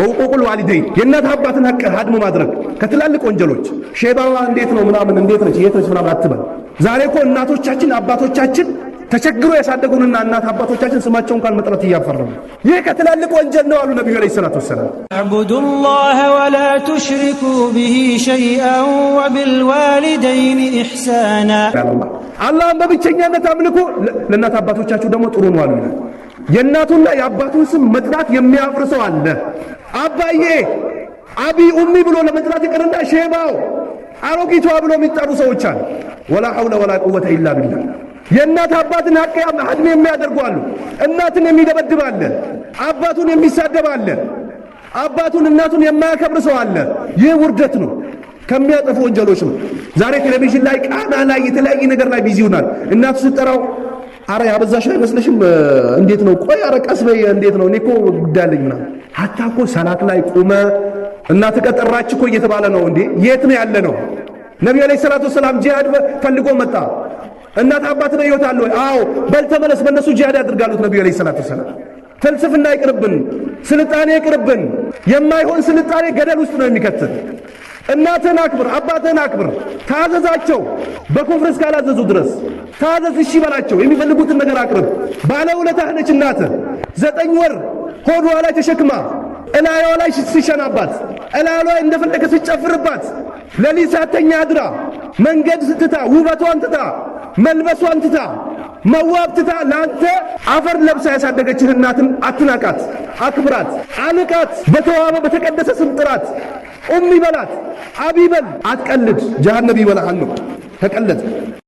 ወውቁቁል ዋሊደይን የእናት አባትን ሀቅ አድሞ ማድረግ ከትላልቅ ወንጀሎች። ሼባዋ እንዴት ነው ምናምን እንዴት ነች የት ነች ምናምን አትበል። ዛሬ እኮ እናቶቻችን አባቶቻችን ተቸግሮ ያሳደጉንና እናት አባቶቻችን ስማቸው እንኳን መጥራት እያፈረሙ ይህ ከትላልቅ ወንጀል ነው አሉ ነቢዩ ዐለይሂ ሰላቱ ወሰላም። አዕቡዱ ላህ ወላ ቱሽሪኩ ቢሂ ሸይአን ወቢልዋሊደይን ኢሕሳና አላህን በብቸኛነት አምልኩ፣ ለእናት አባቶቻችሁ ደግሞ ጥሩ ነው አሉ ይላል የእናቱና የአባቱን ስም መጥራት የሚያፍር ሰው አለ። አባዬ፣ አቢይ፣ ኡሚ ብሎ ለመጥራት ይቅርና ሼባው፣ አሮጊቷ ብሎ የሚጠሩ ሰዎች አሉ። ወላ ሐውለ ወላ ቁወተ ኢላ ቢላህ። የእናት አባትን አቀያ አድሜ የሚያደርጉ አሉ። እናትን የሚደበድብ አለ። አባቱን የሚሳደብ አለ። አባቱን እናቱን የማያከብር ሰው አለ። ይህ ውርደት ነው፣ ከሚያጠፉ ወንጀሎች ነው። ዛሬ ቴሌቪዥን ላይ ቃና ላይ የተለያየ ነገር ላይ ቢዚ ይሆናል። እናቱ ስጠራው አረ ያበዛሽ አይመስልሽም? እንዴት ነው? ቆይ አረ ቀስ በይ። እንዴት ነው? እኔ እኮ ጉዳይ ምናምን። ሀታ እኮ ሰላት ላይ ቁመ እናት ቀጠራች እኮ እየተባለ ነው እንዴ! የት ነው ያለ ነው? ነቢዩ ዓለይሂ ሰላቱ ወሰላም ጂሃድ ፈልጎ መጣ። እናት አባት ነው አለ አዎ በል ተመለስ። በእነሱ ጂሃድ ያድርጋሉት ነቢዩ ዓለይሂ ሰላቱ ወሰላም። ፍልስፍና ይቅርብን፣ ስልጣኔ ይቅርብን። የማይሆን ስልጣኔ ገደል ውስጥ ነው የሚከትል እናትህን አክብር፣ አባትህን አክብር፣ ታዘዛቸው። በኩፍር እስካላዘዙ ድረስ ታዘዝ፣ እሺ በላቸው። የሚፈልጉትን ነገር አቅርብ። ባለውለታህ ነች እናትህ። ዘጠኝ ወር ሆዷ ላይ ተሸክማ እላያዋ ላይ ሲሸናባት እላሏ እንደፈለገ ስጨፍርባት ለሊት ሳተኛ አድራ መንገድ ስትታ ውበቷን ትታ መልበሷን ትታ መዋብ ትታ ለአንተ አፈር ለብሳ ያሳደገችህ እናትን አትናቃት፣ አክብራት፣ አልቃት። በተዋበ በተቀደሰ ስም ጥራት። ኡም ይበላት፣ አትቀልድ። ጀሃነብ ይበላሃል ነው። ተቀለጥ